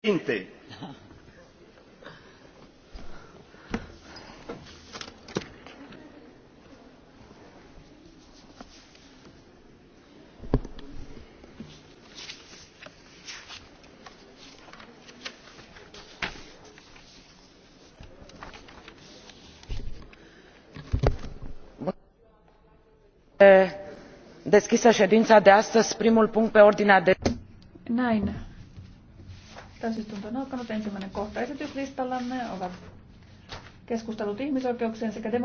președinte deschisă ședința de astăzi primul punct pe ordinea de zi. Täysistunto on alkanut. Ensimmäinen kohta esityslistallamme ovat keskustelut ihmisoikeuksien sekä demokratian